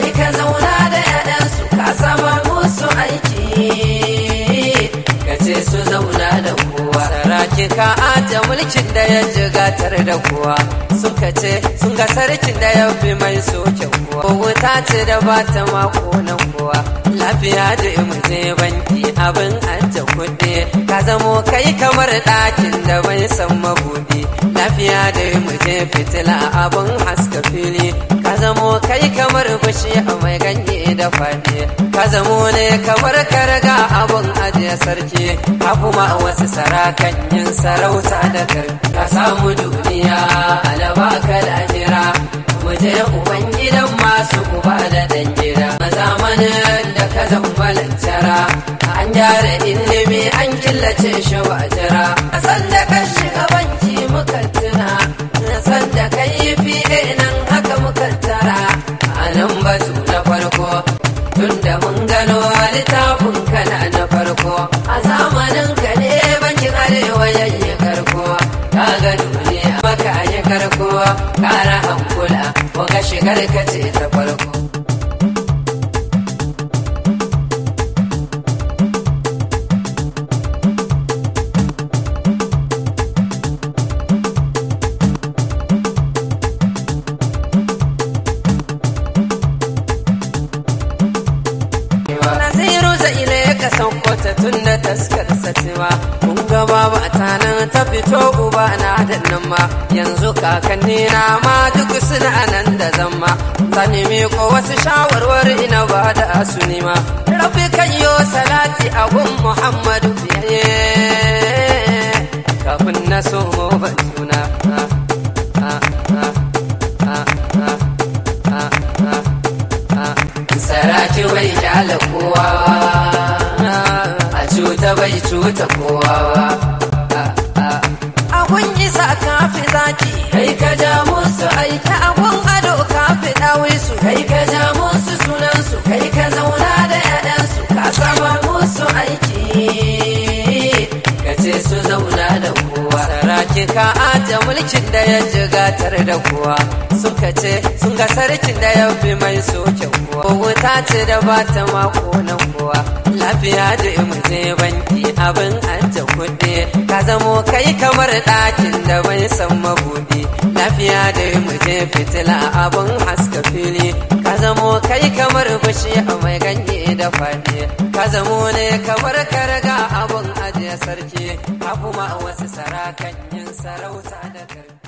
kai ka zauna da 'ya'yansu ka sama musu aiki ka ce su zauna da kowa saraki ka aje mulkin da ya jigatar da kowa sun ka ce sun da ya fi mai soke kowa ko wuta ce da ba ta mako na kowa lafiya da imuje banki abin aje kuɗi ka zamo kai kamar ɗakin da bai san mabuɗi lafiya da imuje fitila abin haska fili ka zamo kai kamar a mai ganye da fadi ka zamo ne kamar karga abun ajiye sarki ka kuma wasu sarakan yin sarauta da karfi ka samu duniya a ka lahira mu je uban gidan masu uba da dangira a zamanin da ka zama lantara, an gyara ilimi an killace shi wajira san da ka shiga banki muka tuna san da ka yi fiye nan haka muka tara su na farko tunda mun gano littafin kana na farko a zamanin ka ne bankin arewa yayi karko ka ga duniya maka yi karko kara hankula ko ga shigar ka ce ta farko wata tun da taskar satiwa kun ga baba ta nan ta fito uba na da nan ma yanzu kakanni na ma duk suna nan da zama ta nemi ko wasu shawarwari ina ba da su nima rabbi kan yo salati a gun muhammadu saraki bai kyala kowa a cuta bai cuta kowa ba a kun isa kafi zaki kai ka ja musu a saraki ka aje mulkin da ya gatar da kuwa suka ce sun ga sarkin da ya fi mai soke kuwa wuta ce da ba ta mako na kuwa lafiya da imuje banki abin aje kuɗi ka zamo kai kamar ɗakin da bai san mabuɗi lafiya da imuje fitila abin haska fili ka zamo kai kamar bushi mai ganye da fadi ka zamo ne kamar karga abin sarki, ha kuma wasu sarakan yin sarauta da karfi.